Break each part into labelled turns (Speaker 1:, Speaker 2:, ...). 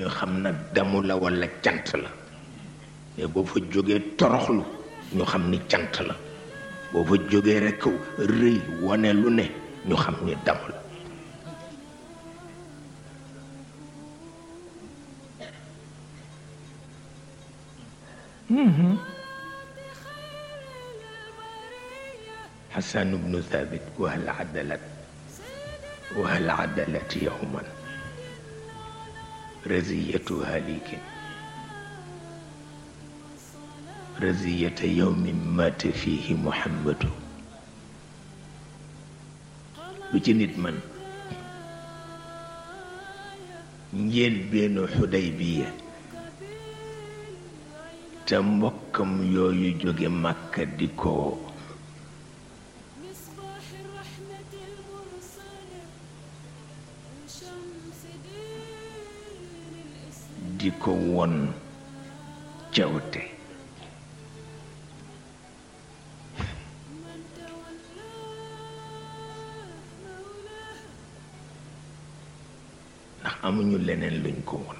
Speaker 1: ñu xam na damu la walla cant la mais boo fa jógee toroxlu ñu xam ni cant la boo fa jógee rekk rëy wane lu ne ñu xam ni damu la xasan mm-hmm. ibnu thabit raziyatu halikin raziyata yawmin mata fihi muhammadu lu ci nit man njël benn xudaybiya te mbokkam yooyu jóge màkka di ko di ko won cawte ndax amuñu leneen luñ ko won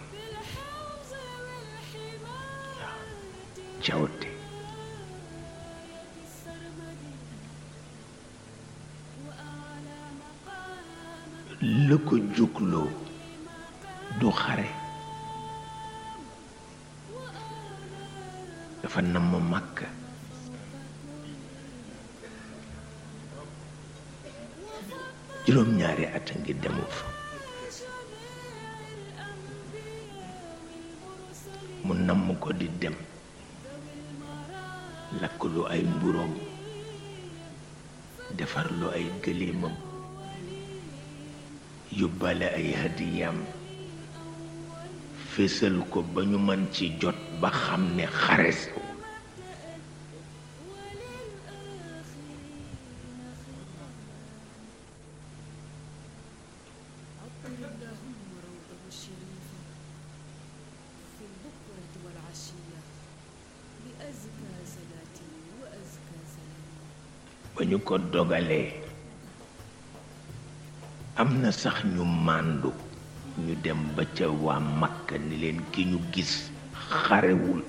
Speaker 1: cawte la ko jugloo du xare dafa namm màkk juróom-ñaari at a ngi demu fa mu namm ko di dem lakk lu ay mburoom defar lu ay gëléemam yóbbaale ay hadiyaam fésal ko ba ñu mën ci jot ba xam ne xares ba ñu ko dogalee am na sax ñu màndu ñu dem ba ca waa Makka ni leen ki ñu gis xarewul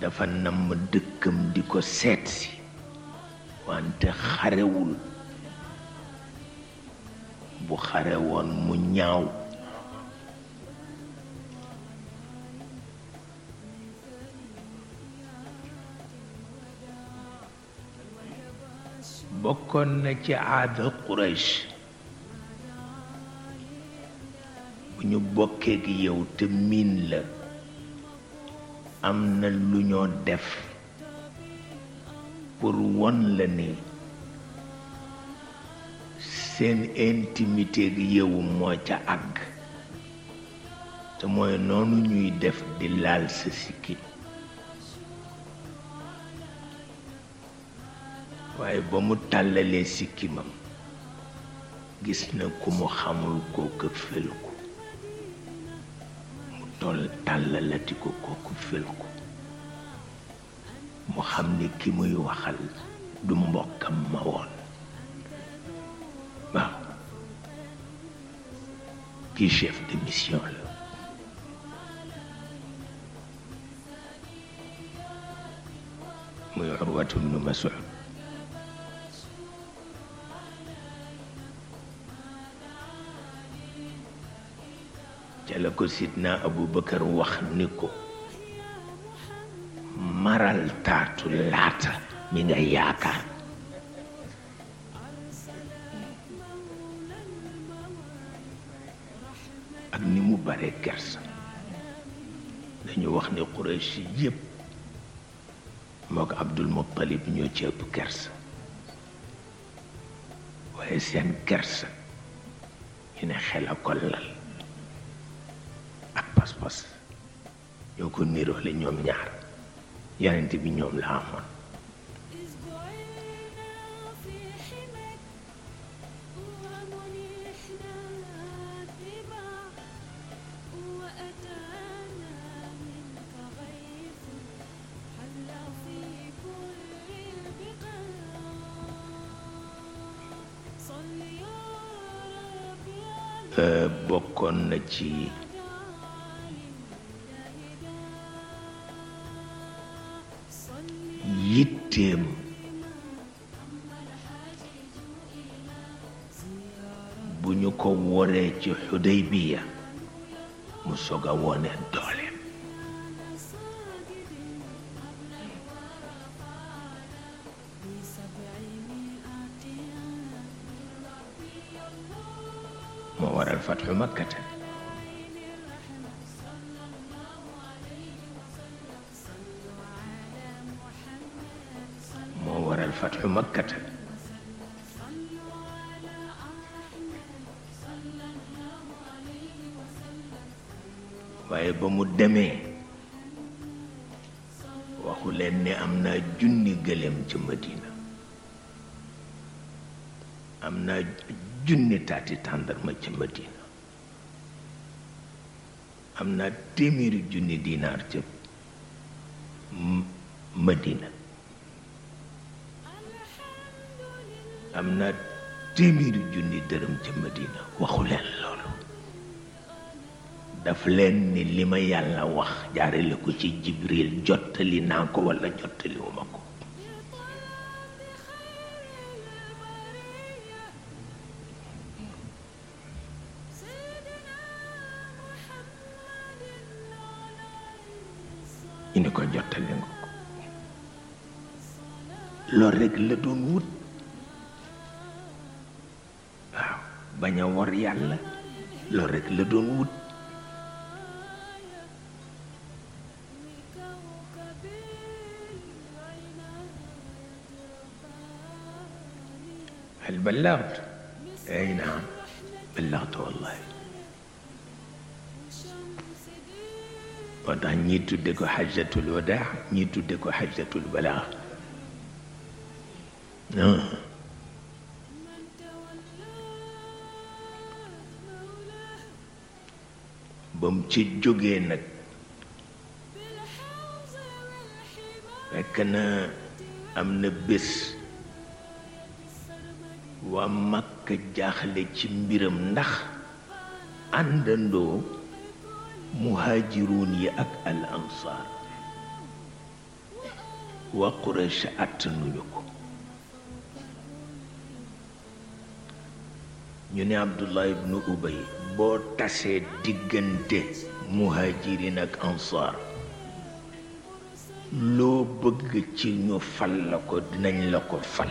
Speaker 1: dafa namm dëkkam di ko seetsi wante xarewul bu xare woon mu ñaaw bokkoon na ci aada Quraysh bu ñu bokkee gi yow te miin la am na lu ñoo def pour won la ni seen intimité gi yow moo ca agg te mooy noonu ñuy def di laal sa sikki waaye ba mu tàllalee sikkimam gis na ku mu xamul kooku fël ko mu toll tàllalati ko kooku fël ko mu xam ni ki muy waxal du mbokkam ma woon waaw ki chef de mission la muy Urwatu bnu Mas'ud la ko sidna abu bakar wax ni ko maral taatu laata mi nga yaakaar ak ni mu bare kersa dañu wax ni Quraysh yépp moo ko Abdul Muttalib ñoo ci ëpp kersa waaye seen kersa ñu ne xel ko lal ak pas-pas ñoo ko niroole ñoom ñaar yonent bi ñoom la amoon euh, bokkoon na ci yitteem bu ñu ko woree ci Xudaybiya mu soog a wone dooleem moo waral fatxu makkata fathu waaye ba mu demee waxu leen am naa junni gëléem ci madina am naa junni taati tàndarma ci madina am naa téeméeri junni dinaar ca madina am na téeméeri junni dërëm ca Madina waxu leen loolu daf leen ni li ma yàlla wax jaare ko ci Jibril jottali naa ko wala jottaliwuma ko loolu rekk la doon wut bañ a wor yàlla loolu rekk la doon wut hal ballaxtu ay naam ballaxtu wallahi moo tax ñii tudde ko xajjatul wadaa ñii tudde ko xajjatul balaax ah. ba mu ci jógee nag fekk na am na bés waa màkk jaaxle ci mbiram ndax àndandoo muhaajiruun yi ak al ansaar waa Quraysh àttanuñu ko ñu ne Abdullah ibnu Ubay boo tasee diggante muhajirin ak ansaar loo bëgg ci ñu fal la ko dinañ la ko fal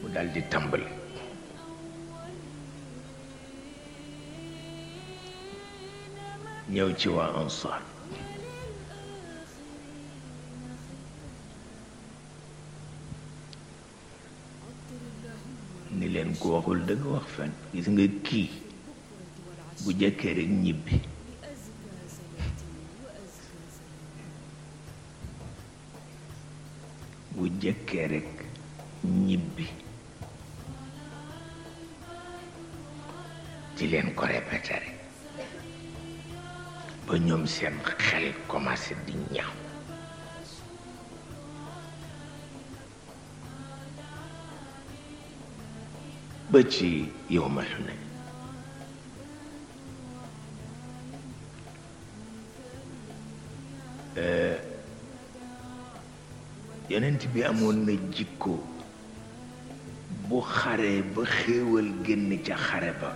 Speaker 1: mu daldi tàmbali ñëw ci waa ansaar ni leen ku waxul dëgg wax fen gis nga kii bu jëkkee rek ñibbi bu jëkkee rek ñibbi ci leen ko répété ba ñoom seen xel commencé di ñaaw bët ci yow ma xune yonent bi amoon na jikko bu xare ba xéewal génn ca xare ba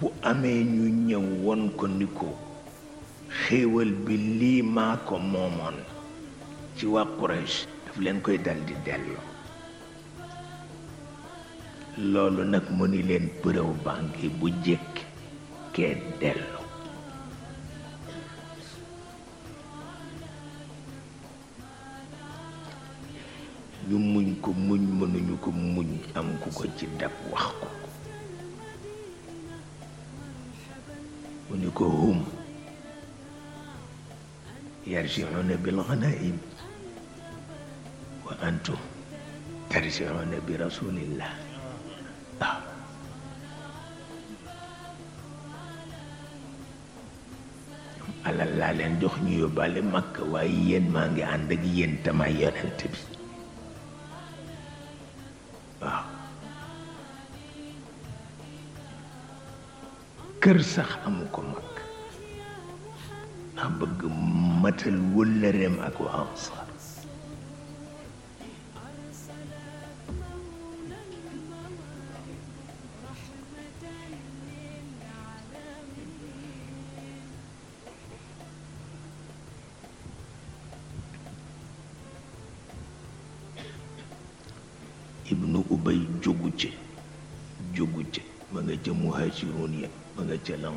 Speaker 1: bu amee ñu ñëw won ko ni ko xéewal bi lii maa ko moomoon ci waa Quraysh daf leen koy daldi delloo loolu nag mu ni leen përëw banque bu jëkk kee dellu ñu muñ ko muñ mënuñu ko muñ am ku ko ci dab wax ko mu ni ko hum yarjiuna bil ghanaim wa antum tarjiuna bi rasulillah alal laa leen jox ñu yóbbaale màkk waaye yéen maa ngi ànd ak yéen tamay yonent bi waaw kër sax amu ko mag ndax bëgg matal wëllëreem ak waa Ansaar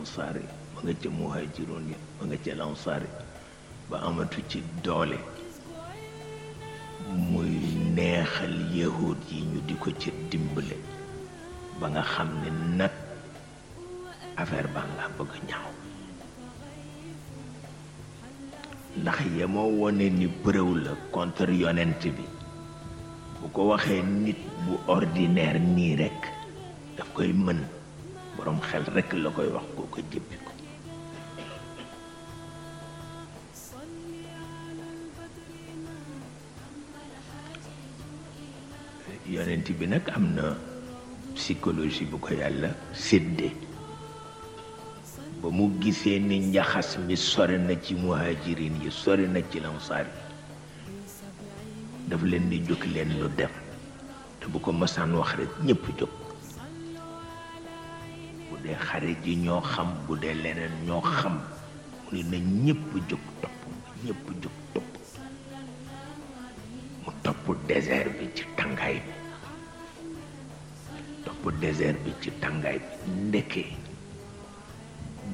Speaker 1: ansaar yi ba nga ca muhaajiroon ya ba nga ca ansaar yi ba amatu ci doole muy neexal yahud yi ñu di ko ca dimbale ba nga xam ne nag affaire baa nga bëgg ñaaw ndax yemoo wone ni bëréw la contre yonent bi bu ko waxee nit bu ordineer nii rekk daf koy mën boroom xel rekk la koy wax koo ko jëppi ko yonent bi nag am na psychologie bu ko yàlla séddee ba mu gisee ni njaxas mi sore na ci muhajirin yi sore na ci lansaar yi daf leen di jóg leen lu dem te bu ko masaan wax rek ñëpp jóg xare ji ñoo xam bu dee leneen ñoo xam mu na ñëpp jóg topp ñëpp jóg topp mu topp désert bi ci tàngaay bi ndeke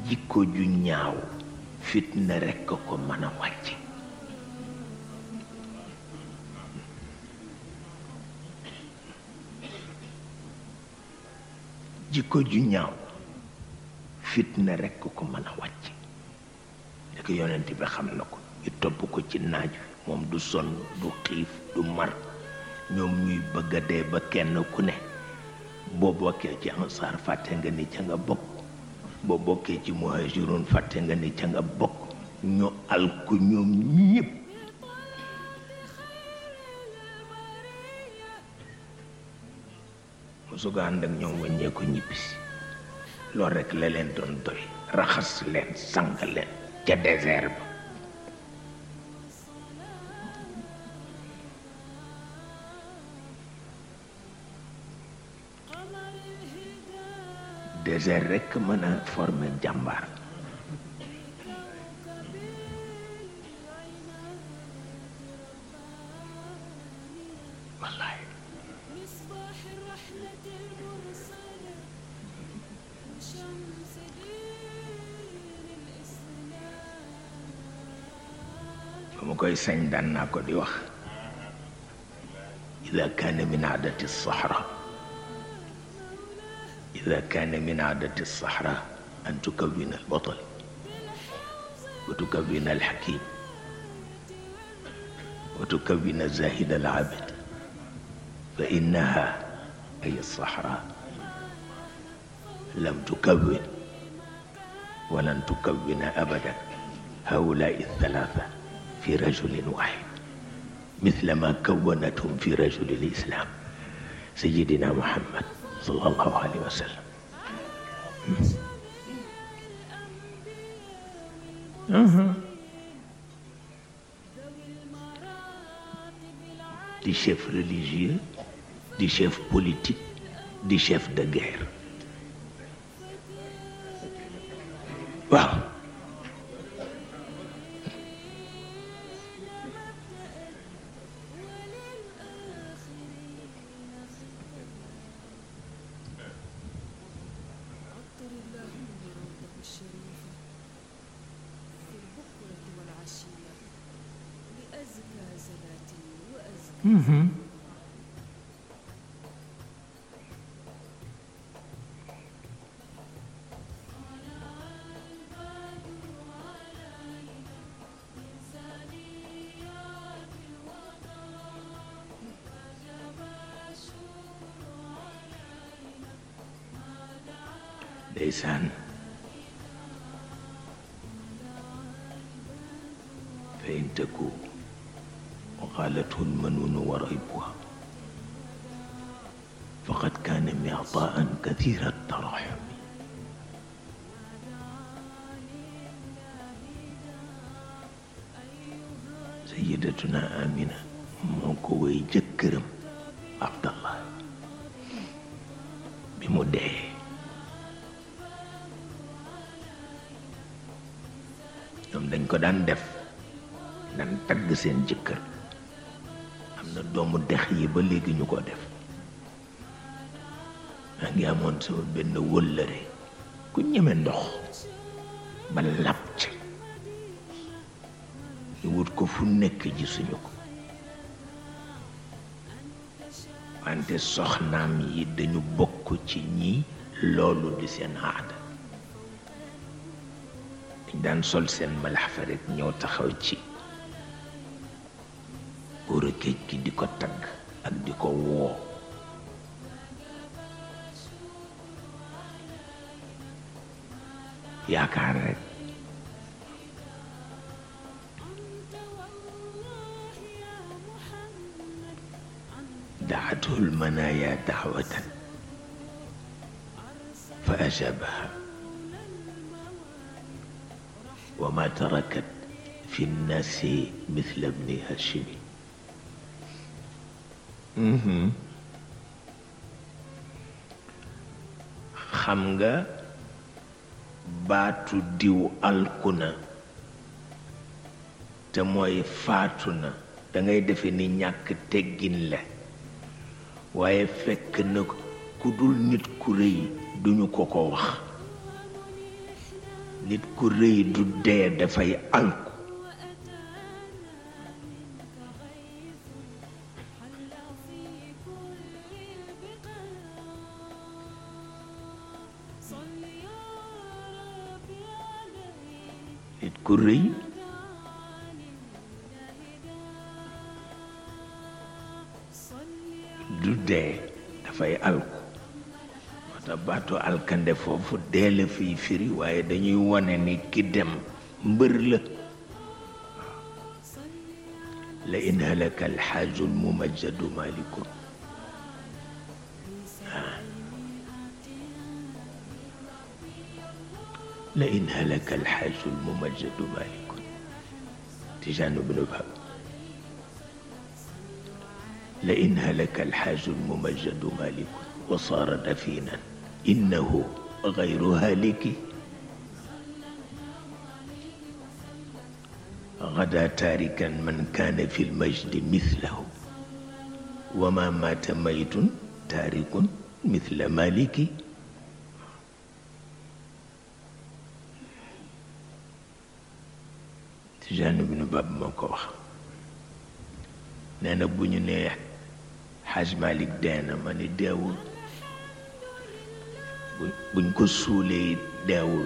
Speaker 1: jikko ju ñaaw fitna rekk ko mën a wàcc jikko ju ñaaw fitna rekk ko mën a wàcc nekk yonent bi xam na ko ñu topp ko ci naaj wi moom du sonn du xiif du mar ñoom ñuy bëgg a dee ba kenn ku ne boo bokkee ci ansaar fàtte nga ni ca nga bokk boo bokkee ci muhajirun fàtte nga ni ca nga bokk ñu alku ñoom ñëpp ko ànd loolu rek la leen doon doy raxas leen sang leen ca désert ba désert rekk mën a former fa ma koy sañ daan naa ko di wax ida kaana min aadati sahra ida kaana min aadati sahra an tukawina al batal wa tukawina al hakim wa tukawina zahid al abid fa innaha ay sahra لم تكون ولن تكون أبدا هؤلاء الثلاثة في رجل واحد مثل ما كونتهم في رجل الإسلام سيدنا محمد صلى الله عليه وسلم Des chefs religieux, des chefs politiques, des chefs de guerre. waaw ndeysaan fa in taku وقالته المنون وريبها فقد كان معطاء كثير الترحم سيدتنا آمنة موكو جكرم عبد الله dañ ko daan def nan tagg seen jëkkër am na doomu dex yi ba léegi ñu ko def maa ngi amoon sama benn wëllëre ku ñeme ndox ba lab ca wut ko fu nekk ji suñu ko wante soxnaam yi dañu bokk ci ñi loolu di seen aada daan sol seen malax fa rek ñëw taxaw ci góor a géej gi di ko tagg ak di ko woo yaakaar rek daatul manaaya daawatan fa ajabaha وما تركت في الناس مثل ابن هاشم xam nga baatu diw alku te mooy faatu na dangay defe ni ñàkk teggin la waaye fekk na ku dul nit ku rëy duñu ko ko wax nit ku rëy du dee dafay alku nit ku rëy du dee dafay baatu alkande foofu dee la fiy firi waaye dañuy wone ni ki dem mbër la la in halaka alxaajul mumajjadu malikun la in halaka alxaajul mumajjadu malikun tijaanu bnu bab la in halaka alxaajul mumajjadu malikun wa saara dafinan innahu gayru haliki غدا تاركا من كان في المجد مثله وما مات ميت تارك مثل مالك Tijaan ibnu Bab moo ko wax nee na bu ñu nee Xaaj Malik dee na ma ni deewul buñ ko suulee deewul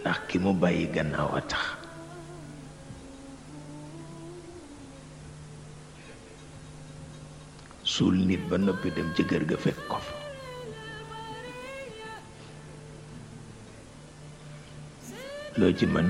Speaker 1: ndax ki mu bàyyi gannaaw a tax suul nit ba noppi dem ci kër ga fekk ko loo ci mën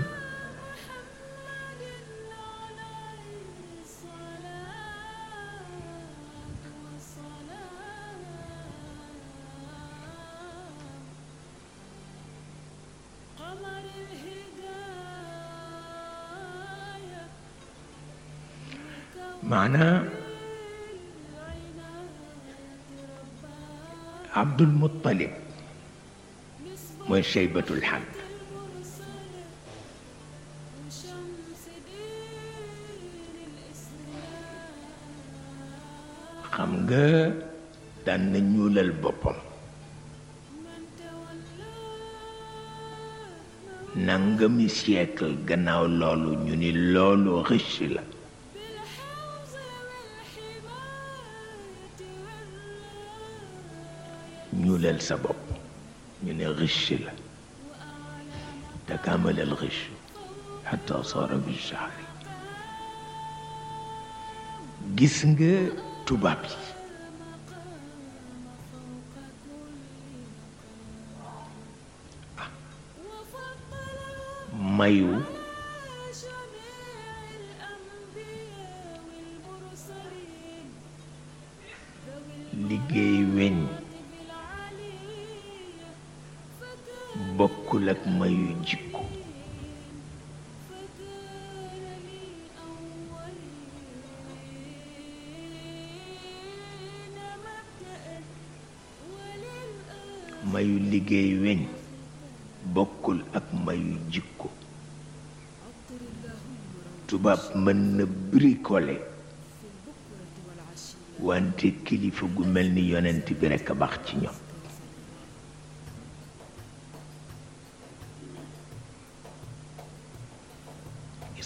Speaker 1: Muttalib mooy Shaybatul Hamd xam nga daan na ñuulal boppam nangami siècle gannaaw loolu ñu ni loolu rëcc la ñuuleel sa bopp ñu ne riche la تكامل الغش حتى صار بالشعر gis nga tubaab bokkul mayu liggéey weñ bokkul ak mayu jikko tubaab mën na bricoler wante kilifa gu mel ni yonent bi rekk a baax ci ñoom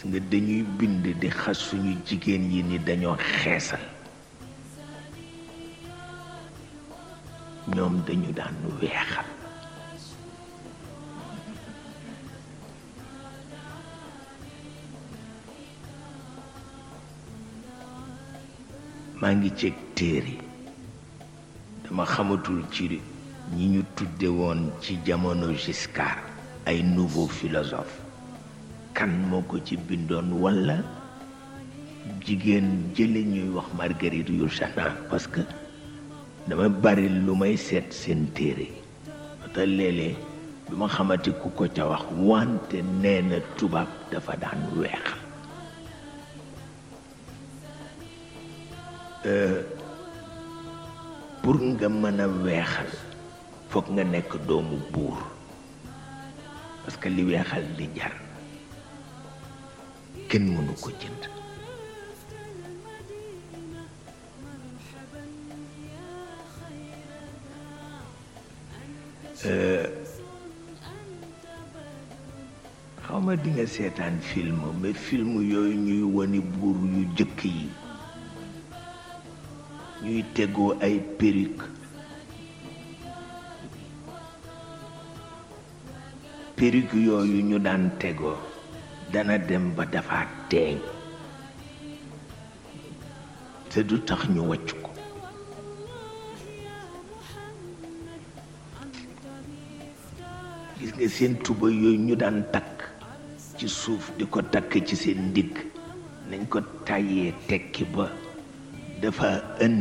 Speaker 1: nga dañuy bind di xas suñu jigéen yi ni dañoo xeesal ñoom dañu daan weexal maa ngi ceeg téere dama xamatul ci ñi ñu tudde woon ci jamono Giscard ay nouveau philosophe kan moo ko ci bindoon walla jigéen jële ñuy wax Marguerite Yourcenar parce que dama bari lu may seet seen téere yi te léeg-léeg ma xamati ku ko ca wax wante nee na tubaab dafa daan weex euh, pour nga mën a weexal foog nga nekk doomu buur parce que li weexal di jar kenn mënu ko jënd euh, xaw ma seetaan film mais film yooyu ñuy woni buur yu jëkk yi ñuy tegoo ay perruque perruque yooyu ñu daan tegoo dana dem ba dafa teeñ te du tax ñu wàcc ko gis nga seen tuba yooyu ñu daan takk ci suuf di ko takk ci seen ndigg nañ ko tàyyee tekki ba dafa ënn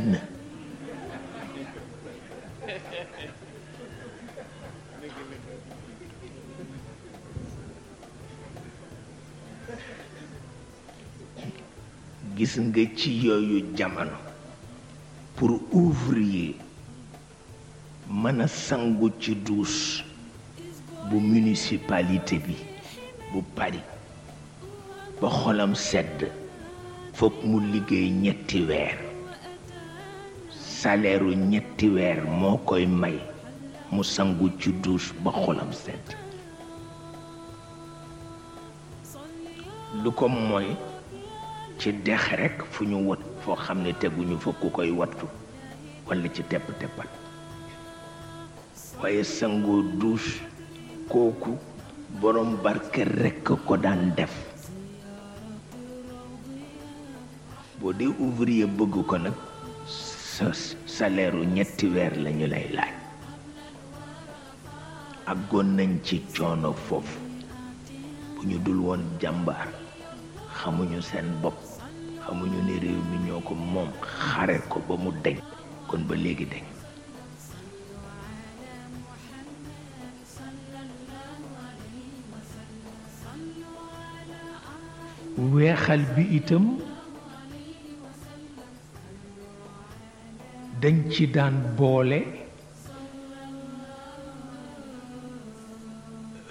Speaker 1: gis nga ci yooyu jamono pour ouvrier mën a sangu ci duus bu municipalité bi bu Paris ba xolam sedd foog mu liggéey ñetti weer saleeru ñetti weer moo koy may mu sangu ci douche ba xolam sedd ci dex rekk fu ñu wët foo xam ne teguñu fa ku koy wattu walla ci tepp teppal waaye sangoo douche kooku borom barke rekk ko daan def boo dee ouvrier bëgg ko nag sa salaire ñetti weer lañu lay laaj ak àggoon nañ ci coono foofu bu ñu dul woon jàmbaar xamuñu seen bopp amuñu ne réew mi ñoo ko moom xare ko ba mu deñ kon ba léegi deñ weexal bi itam dañ ci daan boole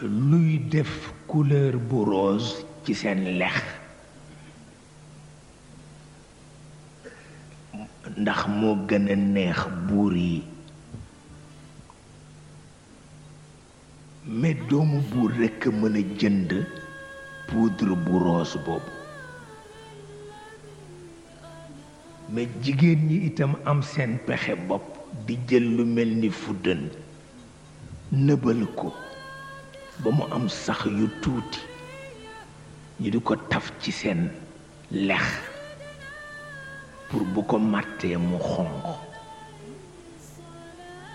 Speaker 1: luy def couleur bu rose ci seen lex ndax moo gën a neex buur yi mais doomu buur rekk a mën jënd poudre bu roos boobu mais jigéen ñi itam am seen pexe bopp di jël lu mel ni fuddën nëbal ko ba mu am sax yu tuuti ñu di ko taf ci seen lex pour bu ko màttee mu xonq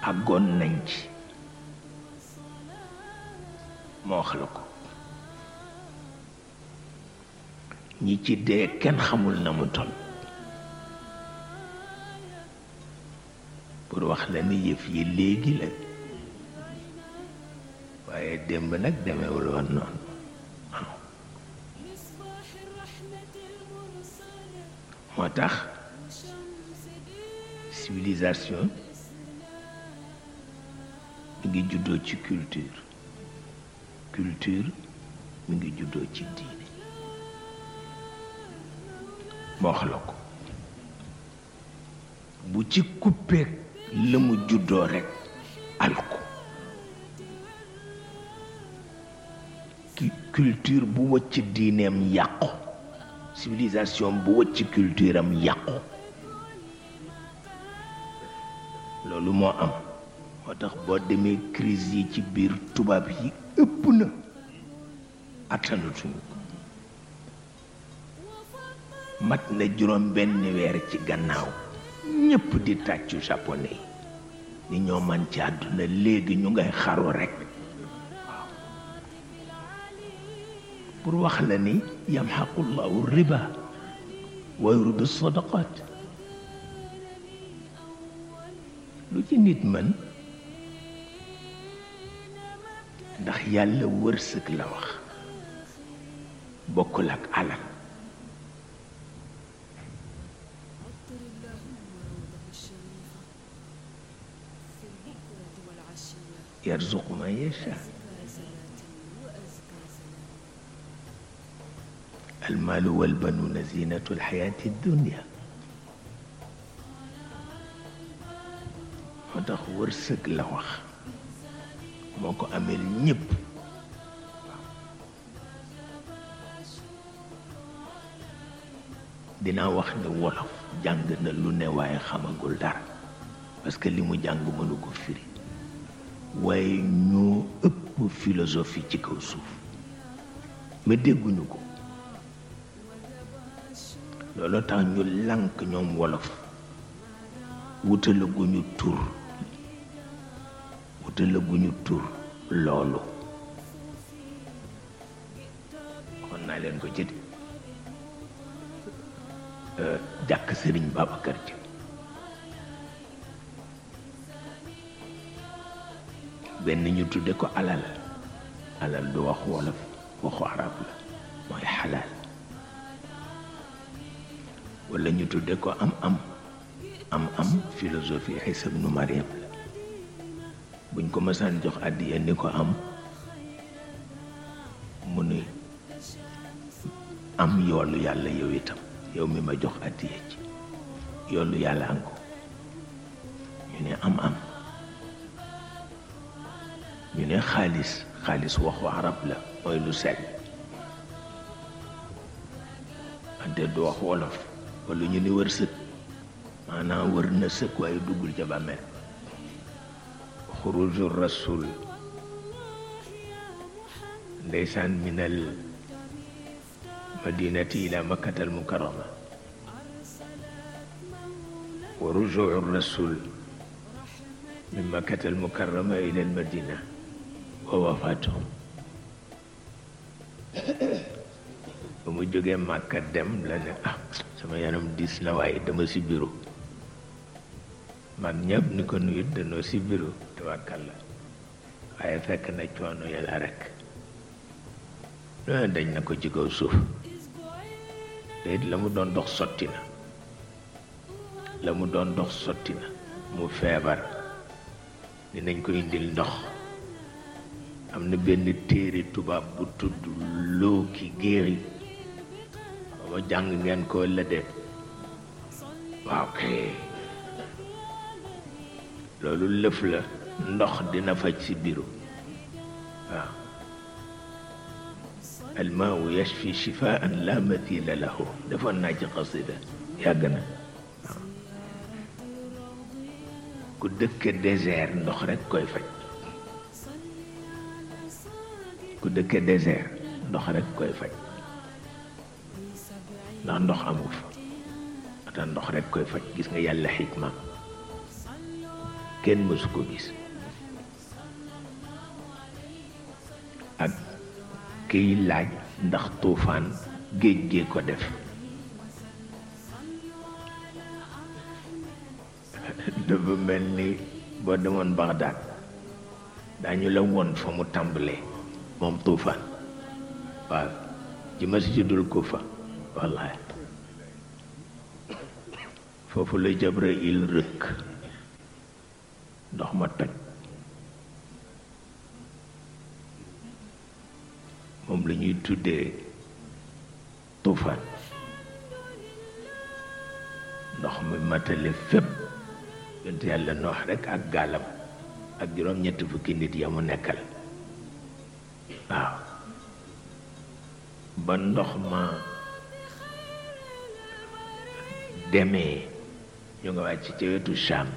Speaker 1: àggoon nañ ci moo wax la ko ñi ci dee kenn xamul na mu toll pour wax la ni yëf yi léegi la waaye démb nag demewuloon woon noonu moo tax civilisation mi ngi juddoo ci culture culture mi ngi juddoo ci diine moo wax la ko bu ci kuppeek la mu juddoo rekk alko culture bu wëcc diineem yàqu civilisation bu wëcc culture yàqu loolu moo am moo tax boo demee crise yi ci biir tubaab yi ëpp na attanatuñu ko mat na juróom benn weer ci gannaaw ñépp di tàccu japonais yi ni ñoo man ci àdduna léegi ñu ngay xaru rekk pour wax la ni yamxaqullahu riba wa yurbi sadaqat lu ci nit mën ndax yàlla wërsëg la wax bokkul ak alal yarzuqu man yasha almaalu walbanuuna zinatu alxayaati dunia moo tax wërsëg la wax moo ko ameel ñëpp dinaa wax ne wolof jàng na lu ne waaye xamagul dara parce que li mu jàng mënu ko firi waaye ñoo ëpp philosophie ci kaw suuf ma dégguñu ko looloo tax ñu lànk ñoom wolof wutalaguñu tur wutalaguñu tur loolu kon naa leen ko jënd euh, jàkk sëriñ Babacar Sy benn ñu tudde ko alal alal du waxu wolof waxu arab la mooy xalaal wala ñu tudde ko am am am am philosophie Isa bnu Mariam buñ ko mësaan jox àddiya ni ko am mu ni am yolu yàlla yow itam yow mi ma jox àddiya ci yoolu yàlla anko ñu ne am am ñu ne xaalis xaalis waxu rab la mooy lu sell wante du wax wolof wala ñu ni wërsëg maanaam wër na sëg waaye duggul ca bàmmeel xuruju rasul ndeysaan minal madinati ila makkatal mukarrama wa rujuu rasul min makkatal mukarrama ila al madina wa wafaatu ba mu jógee màkka dem la ne ah sama yaram diis na waaye dama si biro maam ñëpp ni ko nuyut danoo si biro tubaakal la waaye fekk na coono ya rekk loolu dañ na ko ci kaw suuf léegi la mu doon dox sotti na la mu doon dox sotti mu feebar dinañ ko indil ndox am na benn téere tubaab bu tudd loo ki géeri ba jàng ngeen ko la de waaw kay loolu lëf la ndox dina faj si biru waaw almaawu yashfi shifaan la mathila lahu defoon naa ci xasida yàgg na ku dëkk désert ndox rekk koy faj ku dëkk désert ndox rekk koy faj ndax ndox amul ndox rek koy faj gis nga yàlla xikma kenn mësu ko gis malaaka laaj ndax tuufaan géej gee ko def dafa mel ni boo demoon Bagdaad dañu la woon fa mu tàmbalee moom tuufaan waaw ci masjidul Kufa wallaay foofu la Jibril rëkk ndox ma toj moom la tuddee tuufaan ndox mi matale fépp yonte yàlla noox rekk ak gaalam ak juróom ñetti fukki nit ya mu nekkal waaw ba ndox ma demee ñu nga wàcc ca wetu Saam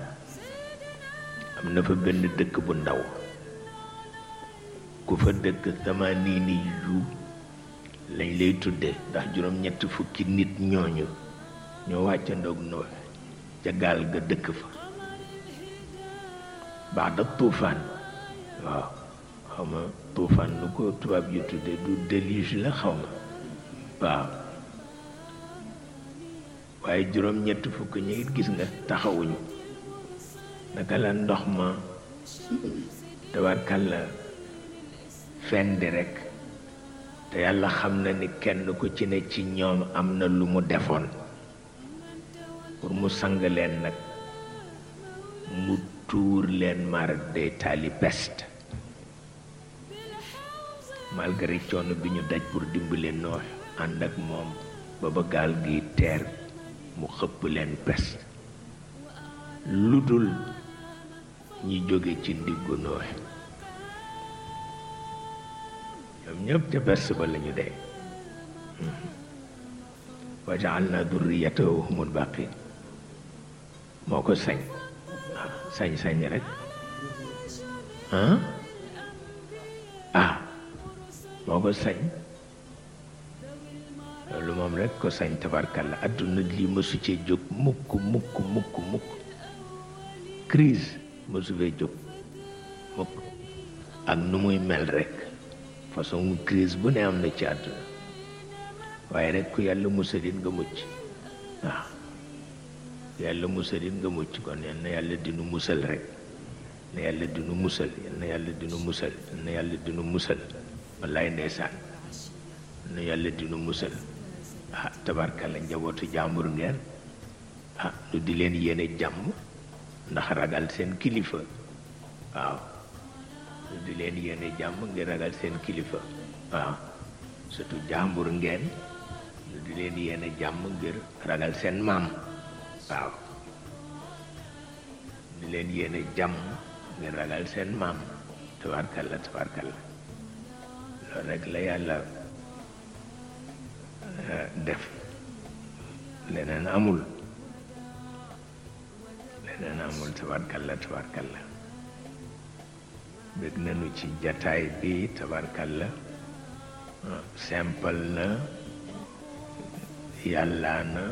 Speaker 1: am na fa benn dëkk bu ndaw ku fa dëkk tamaaniini yu lañ lay tudde ndax juróom ñett fukki nit ñooñu ñoo wàccandoog Nuux ca gaal ga dëkk fa baax da tuufaan waaw xaw ma lu ko tubaab yi tudde du déluge la xaw ma waaw waaye juróom ñett fukk ñu gis nga taxawuñu naka la ndox ma tabarkal la fenn di rekk te yàlla xam na ni kenn ku ci ne ci ñoom am na lu mu defoon pour mu sang leen nag mu tuur leen mara day taali peste malgré coono bi ñu daj pour dimbali noox ànd ak moom ba ba gaal gi teer mu xëpp leen peste lu dul ñi jóge ci ndiggu noox ñoom ñëpp ca berse ba la ñu dee wa jaalna durriyatahu humul baqin moo ko sañ sañ-sañ rek ah ah moo ko sañ loolu moom rek ko sañ tabarkalla adduna lii mësu cee jóg mukk mukk mukk mukk crise mësu fee jóg mukk ak nu muy mel rek façon crise bu ne am na ci àdduna waaye rek ku yàlla musalin nga mucc waaw ku yàlla musalin nga mucc kon yal yàlla dinu musal rek na yàlla dinu musal yal yàlla dinu musal yal na yàlla dinu musal wallaay ndeysaan na yàlla dinu musal ah tabarkalla njabootu jàmbur ngeen ah lu di leen yéene jàmm ndax ragal seen kilifa waaw di leen yéene jàmm ngir ragal seen kilifa waaw ah, surtout jàmbur ngeen ñu di leen yéene jàmm ngir ragal seen maam waaw di leen yéene jàmm ngir ragal seen maam tabarkalla tabarkalla loolu rek la yàlla eh, def leneen amul leneen amul tabarkalla tabarkalla bëgg nañu ci jataay bi la simple na yàllaa na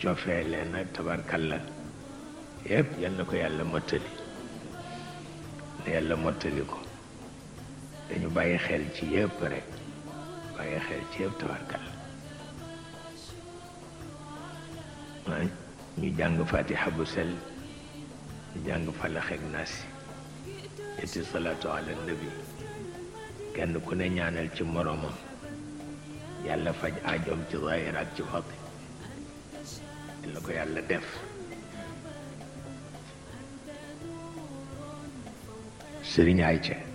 Speaker 1: cofeele na tabarkalla la yal na ko yàlla mottali na yàlla mottali ko dañu bàyyi xel ci yëpp rek bàyyi xel ci yëpp tabarkalla ñu jàng fatiha bu sell ñu jàng falax ak naas ñetti salaatu ala nabi kenn ku ne ñaanal ci moroomam yàlla faj aajoom ci zahir ak ci fati yàlla ko yàlla def sëriñ ay